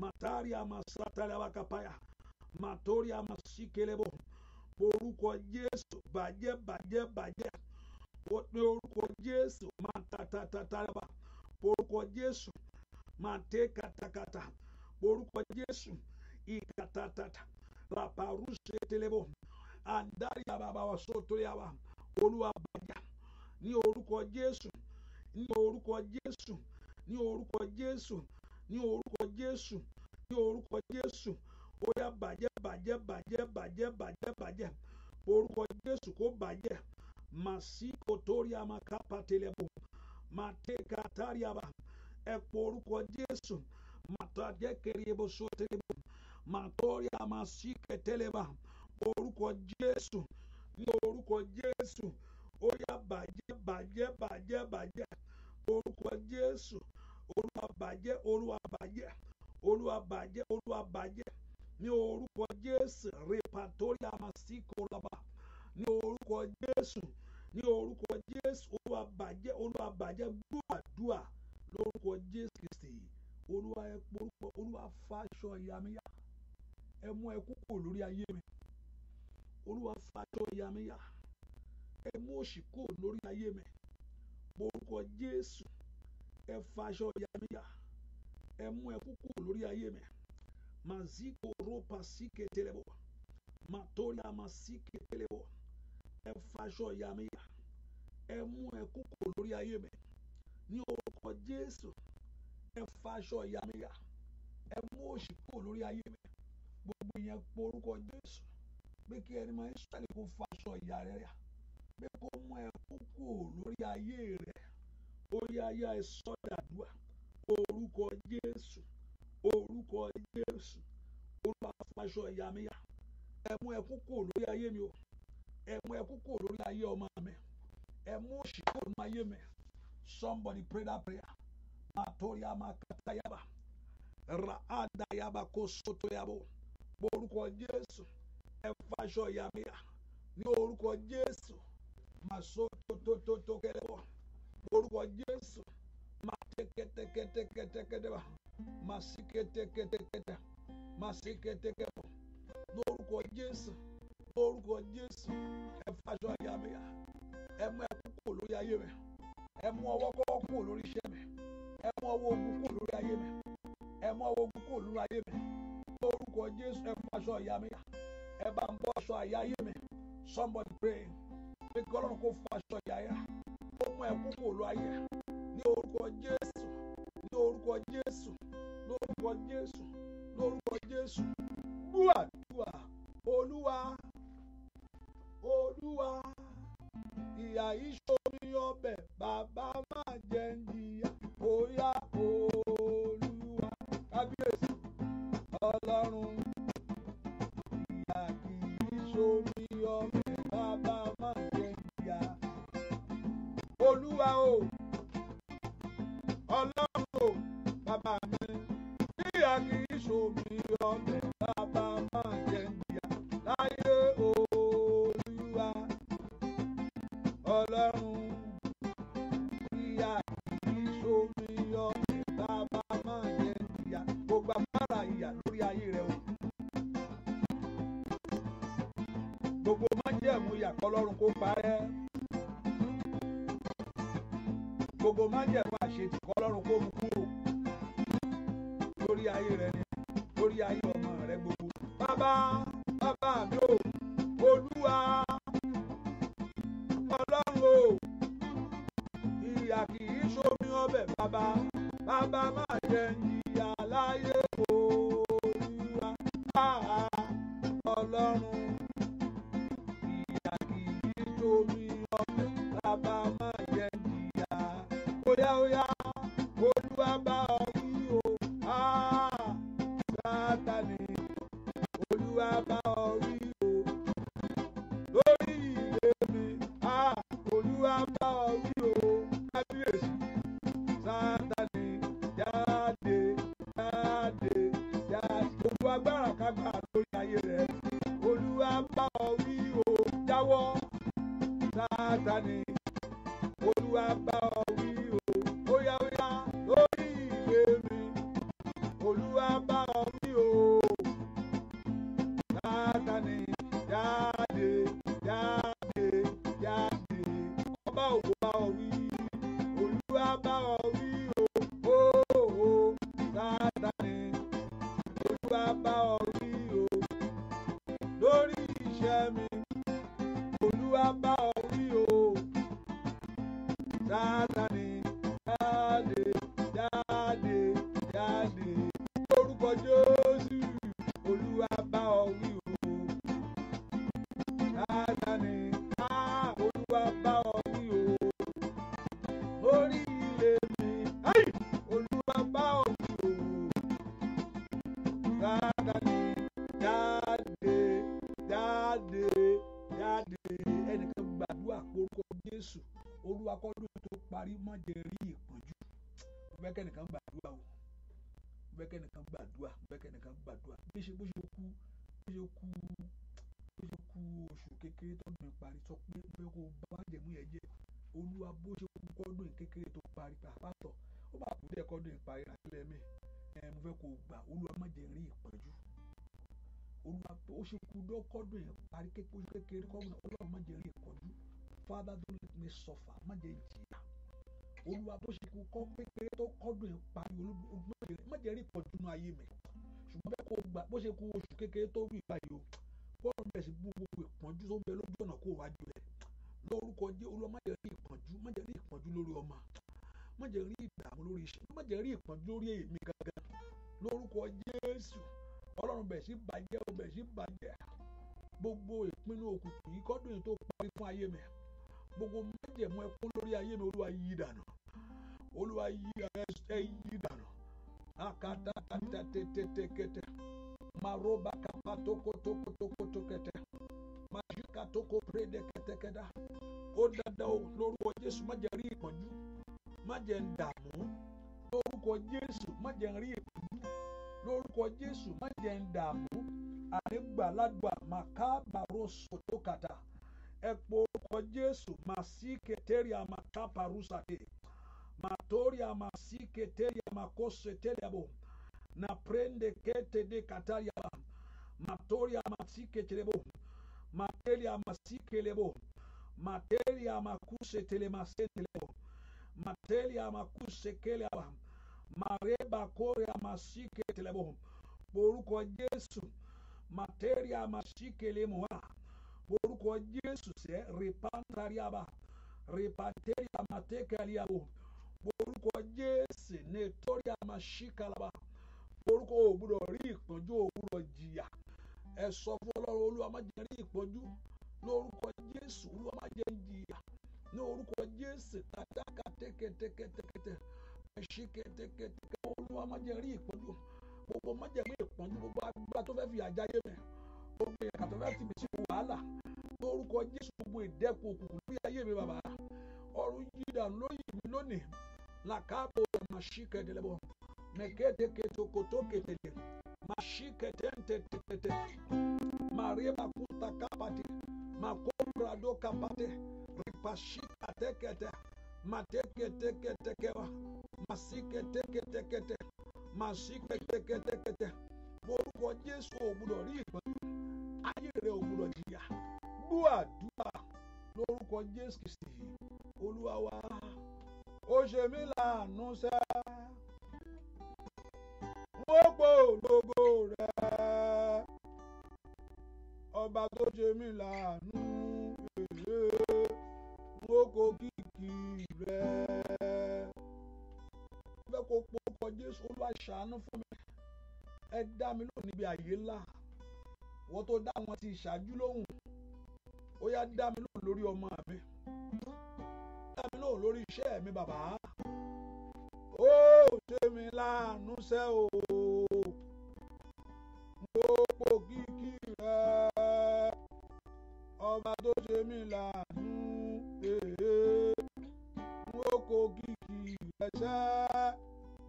matari amasatale abakapaya matori amasikelebo boluko jesu baje baje baje boluko jesu matatatataba boluko jesu matekatakata boluko jesu ikatatata raparusetelebo andari ababa wasotoleaba oluwabaja ni oluko jesu ni oluko jesu ni oluko jesu, ni oruko jesu. ní orúkọ Jésù ní orúkọ Jésù ó yá bàjẹ́ bàjẹ́ bàjẹ́ bàjẹ́ bàjẹ́ bàjẹ́ orúkọ Jésù kó bàjẹ́ màsíkò torí àmàkápá tẹlẹbù màtẹ́ka táríàbà ẹ pọ orúkọ Jésù màtàjẹ́ kẹrìẹ́bù sọ́tẹ́lẹ́bù màtọ́rí àmàsíkẹ̀ tẹ́lẹ̀bà orúkọ Jésù ní orúkọ Jésù ó yá bàjẹ́ bàjẹ́ bàjẹ́ bàjẹ́ orúkọ Jésù olúwa bàjẹ́ olúwa bàjẹ́ olúwa bàjẹ́ olúwa bàjẹ́ ní orúkọ jésù repatori amasiko lọba ní orúkọ jésù ní orúkọ jésù olúwa bàjẹ́ olúwa bàjẹ́ gbúàdúà lórúkọ jésù kristi olúwa ẹ porúkọ olúwa fàṣọ ìyàmíyà ẹ mú ẹ kúkú lórí ayé mi olúwa fàṣọ ìyàmíyà ẹ mú òṣì kúrò lórí ayé mi orúkọ jésù ẹ faṣọ yamíyà ẹ mú ẹ kúkú lórí ayé mi maziko ropa sike telebo matoria masike telebo ẹ faṣọ yamíyà ẹ mú ẹ kúkú lórí ayé mi ní orúkọ Jésù ẹ faṣọ yamíyà ẹ mú òṣì kúrò lórí ayé mi gbogbo ìyẹn porúkọ Jésù pé kí ẹni máa ń ṣàlẹ̀ kó faṣọ ìyá rẹ̀ rẹ̀ pé kó mú ẹ kúkú lórí ayé rẹ̀ ó yáyá orúkọ Jésù orúkọ Jésù Olúwa fàṣọ ìyàmíyà ẹ mú lórí ayé mi o ẹ mú lórí ayé ọmọ mi ẹ mú lórí ayé mi somebody pray that prayer matoria makatayaba raadayaba kò sotoyabo orúkọ Jésù ẹ fàṣọ ìyàmíyà ní orúkọ Jésù màsó tótótótó kẹlẹ́wọ̀n orúkọ jésù máa tẹ kẹtẹkẹtẹkẹtẹkẹtẹ bá máa sí kẹtẹkẹtẹkẹtẹ máa sí kẹtẹkẹtẹ lórúkọ jésù lórúkọ jésù ẹ fàṣọ àyà mi ẹ mú ẹkú kò lórí ayé mi ẹ mú ọwọ́ kọ́kọ́ kò lórí iṣẹ́ mi ẹ mú ọwọ́ ogun kò lórí ayé mi ẹ mú ọwọ́ ogun kò lórí ayé mi lórúkọ jésù ẹ fàṣọ àyà mi ẹ bá ń bọ́ aṣọ ayé mi somebody pray pé kí ọlọ́run kó fàṣọ àyà yẹn kó mú ẹkún kò lọ ayé ní orúkọ Jésù ní orúkọ Jésù lórúkọ Jésù lórúkọ Jésù gbúàdúà Olúwa Olúwa ìyà ìṣòro ọbẹ̀ bàbá máa jẹ ń jìyà óyá Olúwa kábíyèsí Ọlọ́run ìyà kì í ṣòro. ọlọ́run kó parẹ́ gbogbo májẹ̀ kẹ́nìkan gbàdúrà bẹ́ẹ̀ kẹ́nìkan gbàdúrà bí ṣe bó ṣe kú bó ṣe kú bó ṣe kú oṣù kékeré tó gbìn parí sọ pé bẹ́ẹ̀ kó bá jẹ̀mú yẹn jẹ́ olúwa bó ṣe kú kọ́dún kékeré tó parí pàápàtọ̀ ó bá kú díẹ̀ kọ́dún ìparí ràtẹ́lẹ̀ mi ẹ̀ mo fẹ́ kó gbà olúwa má jẹ́ rí ìpọ́njú olúwa ó ṣe kú dọ́kọ́dún ìparí kékeré kọ́dún olúwa má jẹ́ rí ìpọ́njú father don't let me suffer má jẹ́ jìyà olúwa láyé mi ṣùgbọ́n bẹ́ẹ̀ kó gbà bó ṣe kú oṣù kékeré tó rí ìbáyìí o bọ́ọ̀rù bẹ̀ sí gbogbo ìpọ́njú tó ń bẹ lójú ọ̀nà kó wájú ẹ̀ lórúkọ jẹ́ olúwa má jẹ́ ìpọ́njú má jẹ́ ìpọ́njú lórí ọmọ má jẹ́ ìdààmú lórí iṣẹ́ má jẹ́ ìpọ́njú lórí èmi gangan lórúkọ Jésù ọlọ́run bẹ̀ sí bàjẹ́ o bẹ̀ sí bàjẹ́ gbogbo ìpinnu òkùnkùn yìí kọ́dún yìí tó parí fún ayé mi gbogbo májẹ̀mú ẹkún lórí ayé mi olúwa yí dànù olúwa yí ẹ yí dànù Maroba kapatoko toko toko tokete. Majika toko prede kete keda. Oda da o loru o jesu majari konju. Majen damu. Loru ko jesu majari konju. Loru ko jesu majen damu. Ane baladwa makaba rosu tokata. Ekpo ko jesu masike teri amakaba rusate. Ekpo matoria masike teria makose teliabo na prende kete de katariaba matoria masike telebo materia masike lebo materia makuse telemasentelebo materia makuse keleaba mareba korea masike telebo borúkọ jésù materia masike lemoa borúkọ jésù sẹ ripantariaba ripanteria matekaliabo. orúkọ jésù ní torí àmà ṣíkàlàbà orúkọ ògbúdọ̀ rí ìpọ́njú ògbúdọ̀ jìyà ẹ sọ fún ọlọ́run olúwa má jẹ́ rí ìpọ́njú lórúkọ jésù olúwa má jẹ́ jìyà ní orúkọ jésù tàdákà tẹ́kẹ́tẹ́kẹ́tẹ́kẹ́tẹ́ ẹ̀ṣí kẹ́tẹ́kẹ́tẹ́kẹ́ olúwa má jẹ́ rí ìpọ́njú gbogbo má jẹ́ rí ìpọ́njú gbogbo agbára tó fẹ́ fi àjáyé mẹ́ gbogbo ìyàkà tó fẹ́ fi mi sí wàhálà lórúkọ jésù gbogbo ìdẹ́kun òkùnkùn lórí ayé mi bàbá ọrùn yídà lóyè mi lónìí la capo mashike de lebo mekete keto koto ketele mashike tente tete marie makuta kapati makombra do kapate ripashika tekete mateke teke tekewa masike teke tekete masike teke tekete orúkọ Jésù ò gbọ́dọ̀ rí ìpọ́njú ayé rẹ ò gbọ́dọ̀ jìyà gbọ́ àdúrà lórúkọ Jésù Kristi Olúwa kó ṣe mí láàánú sẹ́. wọ́n pò lógo rẹ̀ ọba tó ṣe mí láàánú èrè wọ́n kò kìkì rẹ̀. fẹ́ kó pokọ Jésù Olúwa ṣàánú fún mi ẹ dá mi lóhùn níbi àyè ńlá wọ́n tó dá wọn ti ṣáájú lóhùn ó yá dá mi lóhùn lórí ọmọ mi lọ́hùn lórí iṣẹ́ mi bàbá ó ṣe mi láàánú sẹ́ o gbogbo kíkí rẹ ọba tó ṣe mi láàánú ee gbogbo kíkí rẹ sẹ́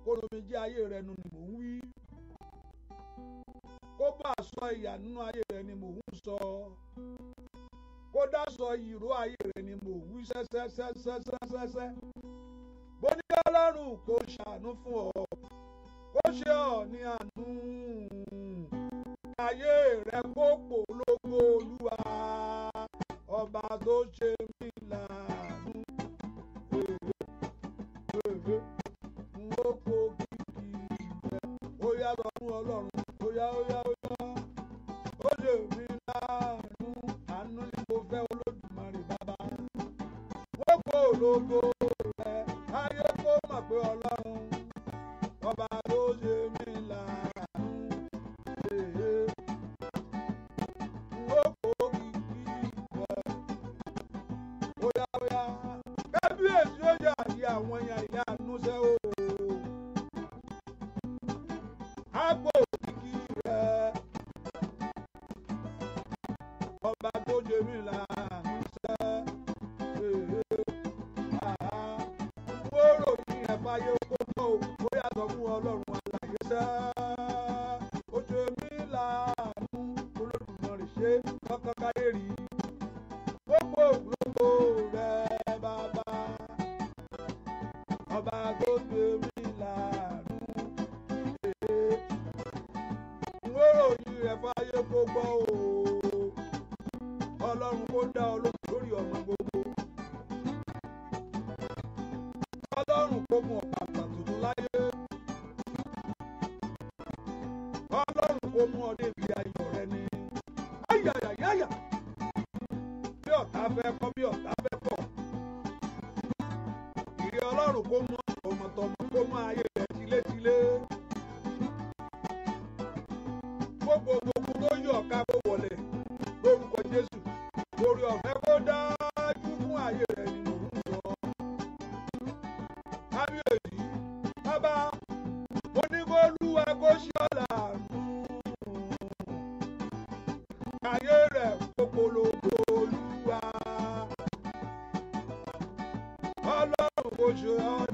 kóromi jẹ́ ayé rẹ nu ni mò ń wí kó bá a sọ ìyà nínú ayé rẹ ni mò ń sọ kó sọ ìró ayé rẹ ni mò ń wí sẹ́sẹ́sẹ́sẹ́sẹ́ ṣẹṣẹ bó ní ọlọ́run kò ṣàánú fún ọ kó ṣe ọ ní àánú ayé rẹ ológo. Ọlọ́run ojú ọ.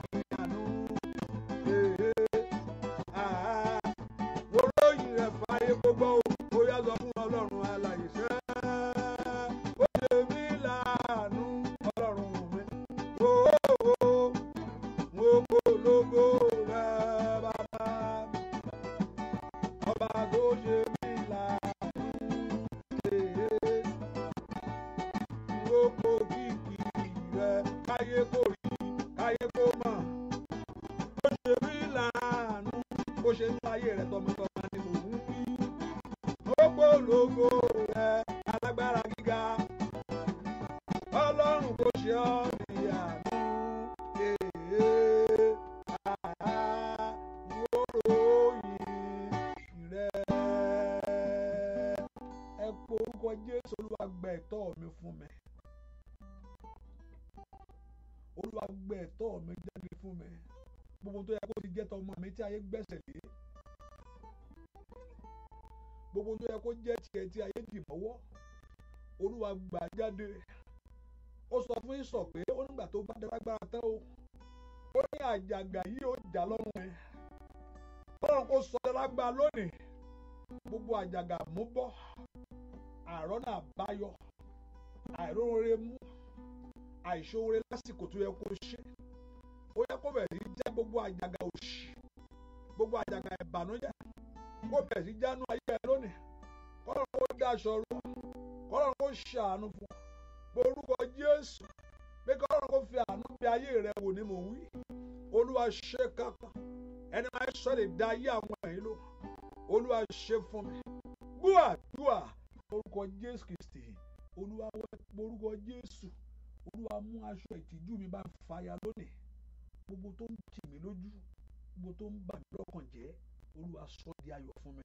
tí ayé gbẹ́sẹ̀ lé gbogbo tó yẹ kó jẹ́ tiẹ̀ tí ayé dì mọ́wọ́ olúwa gbà jáde ó sọ fún ìsọ pé ó nígbà tó bá dárágbára tán o ó ní àjàgà yìí ó jà lọ́rùn ẹ̀ lọ́rùn kó sọ dárágbára lónìí gbogbo àjàgà mú bọ́ àrọ́nà àbáyọ àìróore mú àìṣòore lásìkò tó yẹ kó ṣe ó yẹ kó bẹ̀rẹ̀ sí já gbogbo àjàgà òṣì gbogbo àjàgà ìbànújẹ́ kó bẹ̀rẹ̀ sí jánu ayé ẹ lónìí kọ́lọ́run kó daṣọ rú kọ́lọ́run kó ṣàánú fún ọ borúkọ Jésù pé kọ́lọ́run kó fi àánú bí ayé rẹ wò ni mò ń wí olúwa ṣe kankan ẹni máa sọ lè da ayé àwọn ẹ̀yìn ló olúwa ṣe fún mi gbúà gbúà orúkọ Jésù Kristi olúwa orúkọ Jésù olúwa mú aṣọ ìtìjú mi bá fàya lónìí gbogbo tó ń tì mí lójú gbogbo tó ń bà mí lọ́kàn jẹ́ olúwa sọ di ayọ̀ fún mi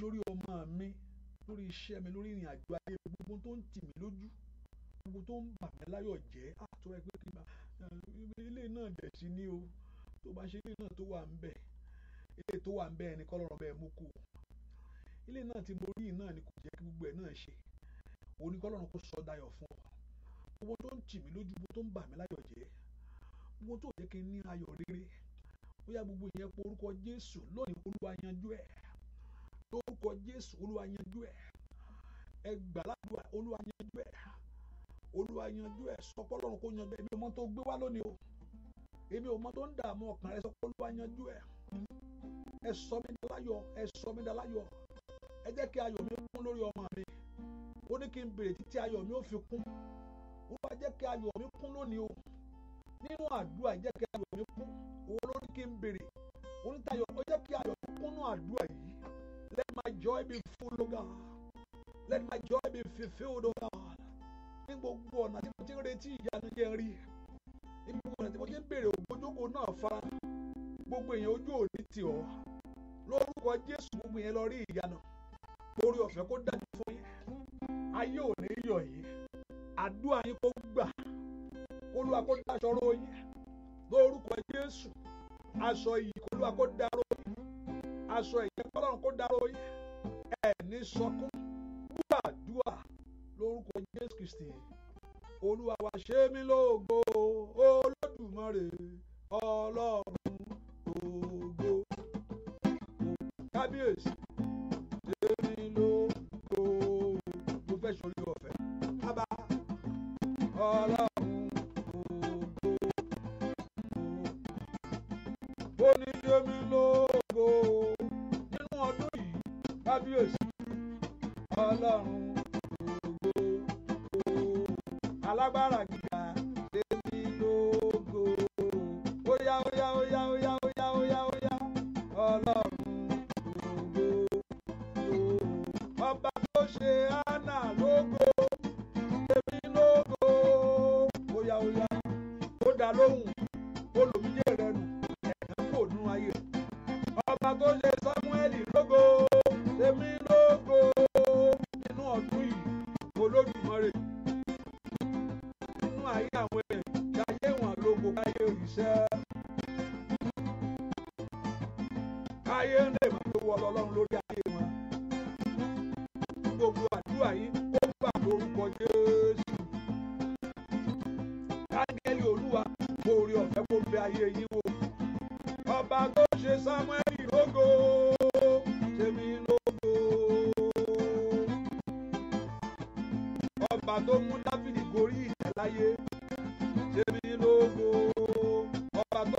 lórí ọmọ mi lórí iṣẹ́ mi lórí ìrìn àjò ayé gbogbo tó ń tì mí lójú gbogbo tó ń bà mí láyọ̀ jẹ́ àtúrà ẹgbẹ́ kí n bá eh, ilé náà dẹ̀ sí ní o tó bá ṣe ilé náà tó wà ń bẹ̀ ilé tó wà ń bẹ̀ ẹni kọ́lọ́rọ̀ bẹ́ẹ̀ mú kú ilé náà tí mo rí náà ni kò jẹ́ kí gbogbo ẹ̀ náà ṣe òun ni kọ́lọ́run kò sọ dayọ̀ fún ọ gbogbo tó ń tì mí lójú gbogbo tó ń bà mí láyọ̀ jẹ́ gbogbo tó jẹ́ kí n ní ayọ̀ rere ó yá gbogbo ìyẹn pé orúkọ Jésù lónìí Olúwa yanjú ẹ̀ lórúkọ Jésù Olúwa yanjú ẹ̀ ẹ gbà ládùúgbà Olúwa yanjú ẹ̀ Olúwa yanjú ẹ̀ sọpọ́ lọ́run kó yanjú ẹ̀ èmi ò tó gbé wá lónìí o èmi ò mọ tó ń dààmú ọkàn rẹ sọpọ́ Olúwa yanjú ẹ̀ ẹ sọ mí daláyọ̀ ẹ sọ mí daláyọ̀ ẹ jẹ́ kí ayọ̀ mi kún lórí ọmọ mi ó ní kí n bèrè títí ayọ̀ mi ó fi kún Olúwa jẹ́ kí ayọ̀ mi kún lónìí o nínú àdúrà jẹ́ kí ayọ̀ mi kún òun kí n béèrè onítayọ̀ ó jẹ́ kí ayọ̀ kúnnú àdúrà yìí let my joy be full o God let my joy be fulfilled o God ní gbogbo ọ̀nà tí mo ti ń retí ìyanu jẹ́ rí ní gbogbo ọ̀nà tí mo ti ń béèrè ògbójókòó náà fara gbogbo èèyàn ojú òní tì ọ́ lórúkọ Jésù gbogbo yẹn lọ rí ìyanu orí ọ̀fẹ́ kó dájú fún yín ayé òní yọ̀ yìí àdúrà yín kó gbà olúwa kó daṣọ ró yín lórúkọ jésù aṣọ yìí olúwa kó daró yín aṣọ ìjẹpọlọrun kó daró yín ẹni sọkún gbàdúà lórúkọ jésù kristi olúwa wá ṣe mí lógo olódùmarè ọlọ́run.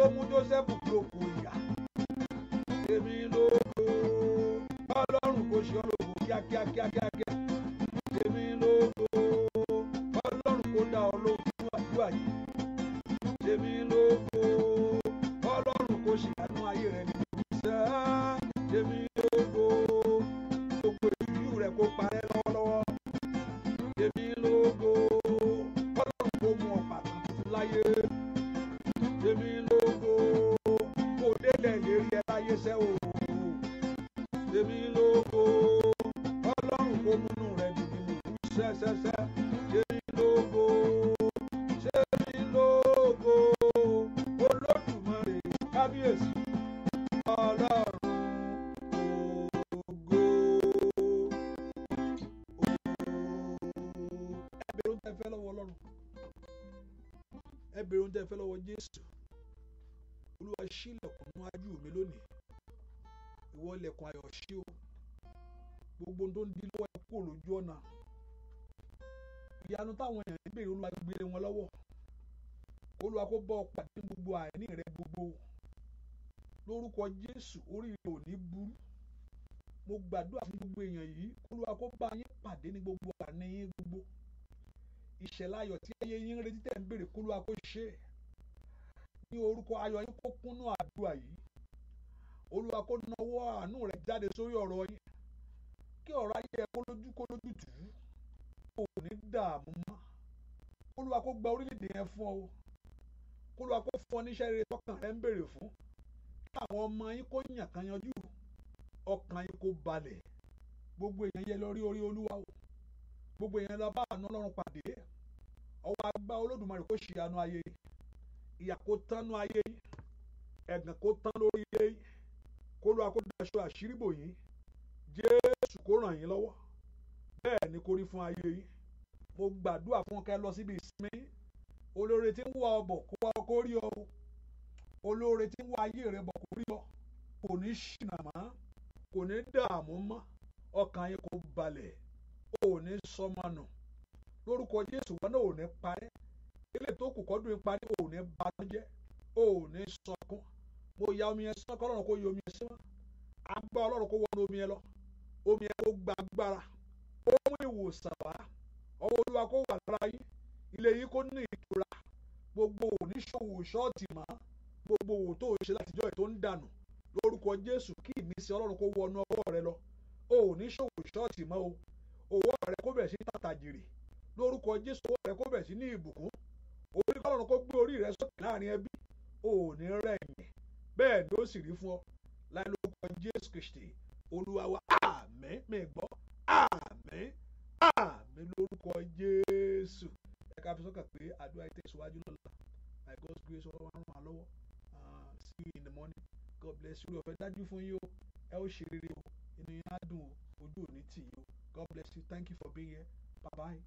ló mú Jósẹ́fù lóko ìyá èmi lóko Ọlọ́run kò ṣe ọ́ lóko kíákíákíá. gbogbo tó ń dí lọ́wọ́ ẹ kúrò lójú ọ̀nà ìyanu táwọn èèyàn ń béèrè olúwa gbé wọn lọ́wọ́ olúwa kó bọ́ ọ pàdé gbogbo àìní rẹ gbogbo lórúkọ jésù oríire ò ní burú mo gbàdúrà fún gbogbo èèyàn yìí olúwa kó bá yín pàdé ní gbogbo àní yín gbogbo ìṣẹ̀lẹ̀ ayọ̀ tí ayé yín retí tẹ̀ ń béèrè kó olúwa kó ṣe é ní orúkọ ayọ̀ yín kó kúnnú àdúrà yìí olúwa kó nawọ́ àánú rẹ̀ jáde sórí ọ̀rọ̀ yín kí ọ̀rọ̀ ayé ẹ kó lójú kó lójú tù ú kò ní dààmú mọ́ olúwa kó gba orílẹ̀-èdè yẹn fún ọ kó olúwa kó fún ọ níṣẹ́ rere tọkàn rẹ ń béèrè fún kí àwọn ọmọ yín kó yàn kan yanjú ọkàn yín kó balẹ̀ gbogbo èèyàn yẹ lọ rí orí olúwa o gbogbo èèyàn lọ bá àánú ọlọ́run pàdé ọwọ́ agbá olódùmarè kó ṣe àánú ayé ìyà kó tánú ayé ẹ̀gàn kó tán lórí ilé kó kó daṣọ àṣírí bò jẹ́ jésù kó ràn yín lọ́wọ́ bẹ́ẹ̀ ni kó rí fún ayé yín mo gbàdúrà fún kẹ́ lọ síbi ìsinmi olóore tí ń wá ọ bọ̀ kó wá ọ kó rí ọ olóore tí ń wá ayé rẹ bọ̀ kó rí ọ kò ní ṣìnà mọ́ kò ní dààmú mọ́ ọkàn yín kò balẹ̀ ò ní sọmọnù lórúkọ jésù wọn náà ò ní parẹ́ ilé tó kù kọ́dún yín parí ò ní banújẹ́ ò ní sọkún mo ya omi yẹn sí ọkọ ọlọ́run kó yọ omi yẹn sí wọn agbá ọlọ́run kó wọnú omi yẹn lọ omi ẹ̀ kó gba agbára ó mú ìwòsàn wá ọwọ́ olúwa kó wà lára yín ilé yìí kó ní ìtura gbogbo oníṣòwò ṣọ́ọ̀tì mọ́ gbogbo òwò tó ṣe látijọ́ ẹ̀ tó ń dànù lórúkọ jésù kí ìmísí ọlọ́run kó wọnú ọwọ́ rẹ lọ o ò ní ṣòwò ṣọ́ọ̀tì mọ́ o owó rẹ kó bẹ̀ sí tàtàjèrè lórúkọ jésù owó rẹ kó bẹ̀ sí ní ìbùkún orí kọ́lọ́run kó gbé orí rẹ sókè láàrin ẹbí o ò ní bẹ́ẹ̀ ni ó sì rí fún ọ láì lórúkọ jésù kristi olúwa wa àmín mi gbọ́ àmín àmín lórúkọ jésù ẹ ká fi sọ́kàn pé àdúrà ìtẹ̀síwájú lọ́la by God's grace ọlọ́wọ́ ràn wá lọ́wọ́ ah, see you in the morning God bless you ọ̀fẹ́ dájú fún yín o ẹ ó ṣe rere o inú yín á dùn o ojú ò ní tì yín o God bless you thank you for being here bye bye.